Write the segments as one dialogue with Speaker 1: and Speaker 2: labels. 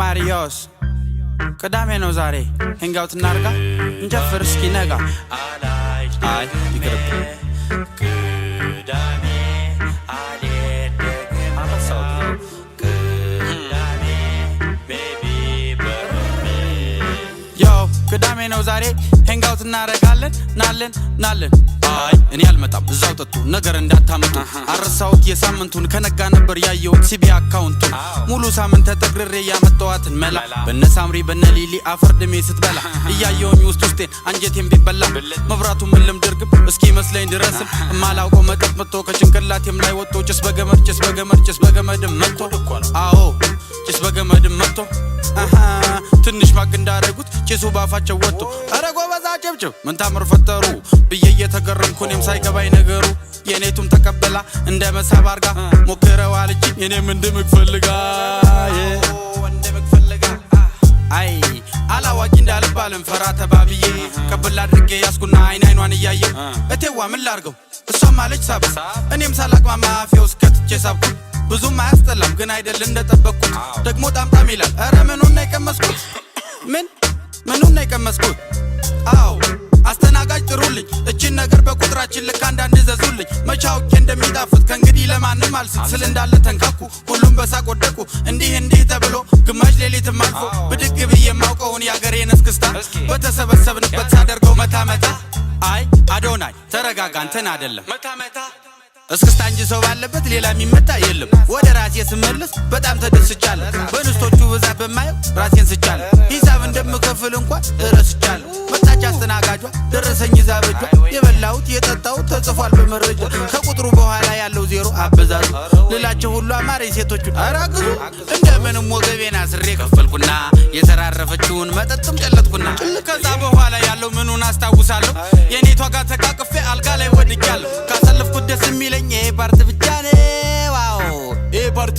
Speaker 1: ማርያስ ቅዳሜ ነው ዛሬ ሄንጋውት እናርጋ እንጨፍር እስኪ ነጋ
Speaker 2: አይ ይቅርብ
Speaker 1: ቅዳሜ ነው ዛሬ ሄንጋውት እናረጋለን ናለን ናለን አይ እኔ አልመጣም እዛው ጠጡ ነገር እንዳታመጡ አረሳሁት የሳምንቱን ከነጋ ነበር ያየሁት ሲቢ አካውንቱ ሙሉ ሳምንት ተጠግሬ ያመጣዋትን መላ በነ ሳምሪ በነ ሊሊ አፈር ድሜ ስትበላ እያየውኝ ውስጥ ውስጤን አንጀቴን ቢበላ መብራቱ ምልም ድርግም እስኪ መስለኝ ድረስም እማላውቀው መጠጥ መጥቶ ከጭንቅላቴም ላይ ወጥቶ ጭስ በገመድ ጭስ በገመድ ጭስ በገመድም መጥቶ አዎ ጭስ በገመድም መጥቶ ትንሽ ማግ እንዳረጉት ጭሱ ባፋቸው ወጡ። ኧረ ጎበዝ አጨብጭብ ምን ታምር ፈጠሩ ብዬ እየተገረምኩ እኔም ሳይገባኝ ነገሩ የእኔቱም ተቀበላ እንደ መሳብ አርጋ ሞክረው አልጅ የኔም እንድምግ ፈልጋ አይ አላዋቂ እንዳልባልም ፈራ ተባብዬ ከብል አድርጌ ያስኩና አይን አይኗን እያየ እቴዋ ምን ላርገው እሷም አለች ሳብ እኔም ሳላቅማማ አፌ ውስጥ ከትቼ ሳብኩ ብዙም አያስጠላም ግን አይደለም እንደጠበቅኩት። ደግሞ ጣምጣም ይላል። ኧረ ምኑን ነው የቀመስኩት? ምን ምኑን ነው የቀመስኩት? አዎ አስተናጋጅ ጥሩልኝ፣ እችን ነገር በቁጥራችን ልክ አንዳንድ ዘዙልኝ። መቼ አውቄ እንደሚጣፍጥ ከእንግዲህ ለማንም አልስት ስል እንዳለ ተንካኩ፣ ሁሉም በሳቅ ወደቁ። እንዲህ እንዲህ ተብሎ ግማሽ ሌሊትም አልፎ ብድግ ብዬ የማውቀውን የአገሬን እስክስታ በተሰበሰብንበት ሳደርገው መታ መታ። አይ አዶናይ ተረጋጋ፣ እንትን አደለም መታ መታ እስክስታ እንጂ ሰው ባለበት ሌላ የሚመጣ የለም። ወደ ራሴ ስመለስ በጣም ተደስቻለሁ። በንስቶቹ ብዛት በማየው ራሴን ስቻለሁ። ሂሳብ እንደምከፍል እንኳን እረስቻለሁ። መጣች አስተናጋጇ ደረሰኝ ዛበጇ የበላሁት የጠጣሁት ተጽፏል በመረጃ ከቁጥሩ በኋላ ያለው ዜሮ አበዛዙ ልላቸው ሁሉ አማረኝ ሴቶቹ አራግዙ። እንደምንም ወገቤን አስሬ ከፈልኩና የተራረፈችውን መጠጥም ጨለጥኩና ከዛ በኋላ ያለው ምኑን አስታውሳለሁ። የኔቷ ጋር ተቃቅፌ አልጋ ላይ ወድጃለሁ።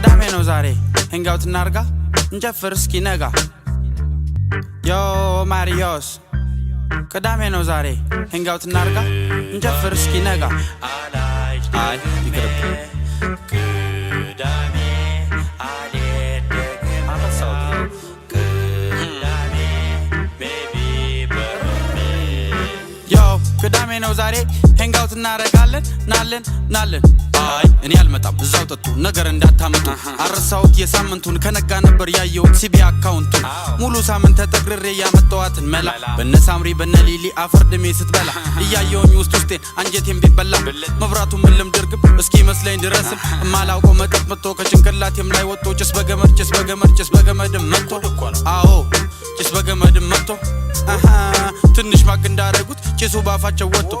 Speaker 1: ቅዳሜ ነው ዛሬ ሄንጋውት እናርጋ እንጨፍር እስኪ ነጋ ዮ ማሪዮስ ቅዳሜ ነው ዛሬ ሄንጋውት እናርጋ እንጨፍር እስኪ ነጋ አይ ይቅርብ ቅዳሜ ነው ዛሬ ሄንጋውት እናረጋለን ናለን ናለን። አይ እኔ አልመጣም፣ እዛው ጠጡ ነገር እንዳታመጡ። አረሳሁት የሳምንቱን ከነጋ ነበር ያየሁት ሲቢ አካውንቱን ሙሉ ሳምንት ተጠግርሬ ያመጣዋትን መላ በነ ሳምሪ በነ ሊሊ አፈር ድሜ ስትበላ እያየውኝ ውስጥ ውስጤን አንጀቴን ቢበላ መብራቱ ምልም ድርግም እስኪ መስለኝ ድረስም እማላውቀው መጠጥ መጥቶ ከጭንቅላቴም ላይ ወጥቶ ጭስ በገመድ ጭስ በገመድ ጭስ በገመድም መጥቶ አዎ ጭስ በገመድም መጥቶ ትንሽ ማግ እንዳረጉት ጭሱ ባፋቸው ወጥቶ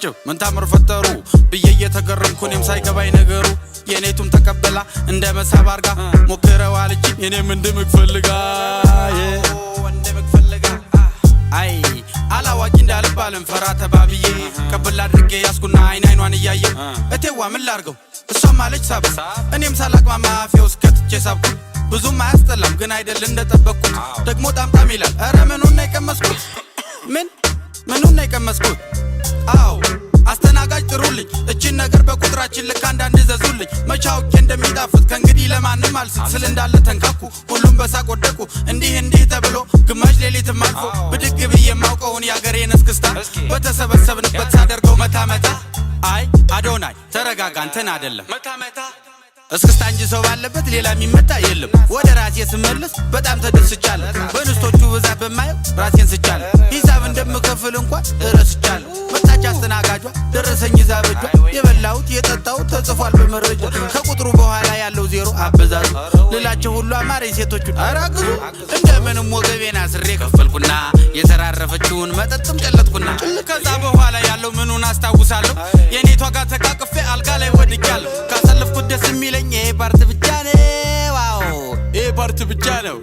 Speaker 1: ሲያጨበጭብ ምን ታምር ፈጠሩ ብዬ እየተገረምኩ እኔም ሳይገባኝ ነገሩ የኔቱም ተቀበላ እንደ መሳብ አርጋ ሞክረው አልችም እኔም እንድምግ ፈልጋ አይ አላዋቂ እንዳልባልም ፈራ ተባብዬ ከብላ አድርጌ ያስኩና አይን አይኗን እያየ እቴዋ ምን ላርገው እሷም አለች ሳብ እኔም ሳላቅማ ማፌ ውስጥ ከትቼ ሳብኩ ብዙም አያስጠላም ግን አይደል እንደጠበቅኩት ደግሞ ጣምጣም ይላል ኧረ ምኑና ነው የቀመስኩት ምን ምኑና ነው የቀመስኩት አዎ አስተናጋጅ ጥሩልኝ እችን ነገር በቁጥራችን ልክ አንዳንድ ዘዙልኝ መቼ አውቄ እንደሚጣፍጥ ከእንግዲህ ለማንም አልስት ስል እንዳለ ተንካኩ ሁሉም በሳቅ ወደቁ እንዲህ እንዲህ ተብሎ ግማሽ ሌሊትም አልፎ ብድግ ብዬ የማውቀውን የአገሬን እስክስታ በተሰበሰብንበት ሳደርገው መታ። አይ አዶናይ ተረጋጋ እንትን አይደለም እስክስታ እንጂ ሰው ባለበት ሌላ የሚመጣ የለም። ወደ ራሴ ስመልስ በጣም ተደስቻለሁ። በንስቶቹ ብዛት በማየው ራሴን ስቻለሁ። ሂሳብ እንደምከፍል እንኳን እረስቻለሁ። ደረሰኝ ይዛ የበላውት የበላሁት የጠጣሁት ተጽፏል በመረጃ ከቁጥሩ በኋላ ያለው ዜሮ አበዛዙ ልላቸው ሁሉ አማሪ ሴቶቹ አራግዙ እንደምንም ወገቤና ስሬ ከፈልኩና የተራረፈችውን መጠጥም ጨለጥኩና ከዛ በኋላ ያለው ምኑን አስታውሳለሁ የኔቷ ጋር ተቃቅፌ አልጋ ላይ ወድጃለሁ ካሰልፍኩት ደስ የሚለኝ ይሄ ፓርት ብቻ ነው ይሄ ፓርት ብቻ ነው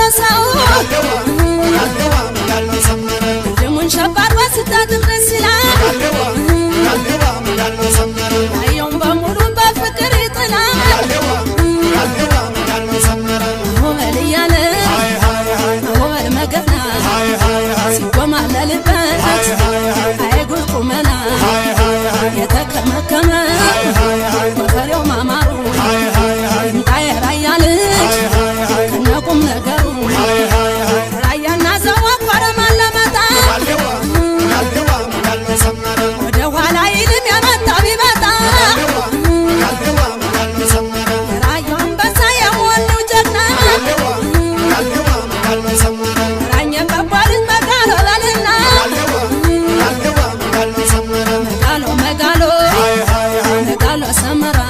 Speaker 3: ረሳው samara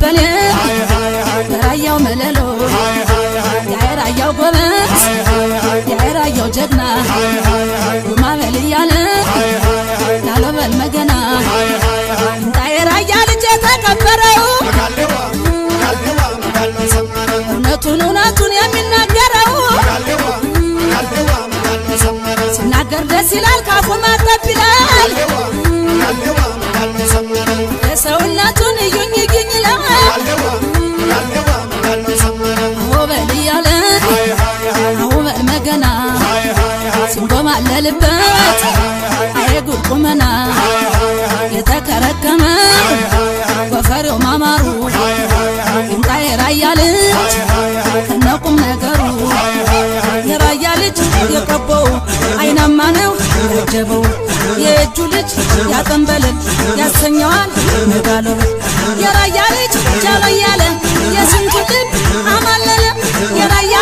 Speaker 3: ተቀበለ የራያው መለሎ የራያው ጎበዝ የራያው ጀግና ጉማበል እያለ ላሎበል መገና የራያ ልጅ የተከበረው እውነቱን እውነቱን የሚናገረው ሲናገር ደስ ይላል ካፉ ማጠብ ይላል ሰውነቱን እዩኝ ውበል እያለ ውበል መገና ሲንጎማ ለልበት ቁመና የተከረከመ ወፈሬው ማማሩ ልጅ አይናማ የእጁ ልጅ ያጠንበልን ያሰኘዋል ነጋለው የራያ ልጅ ጃላ ያለ የስንቱ ጥብ አማለለ የራያ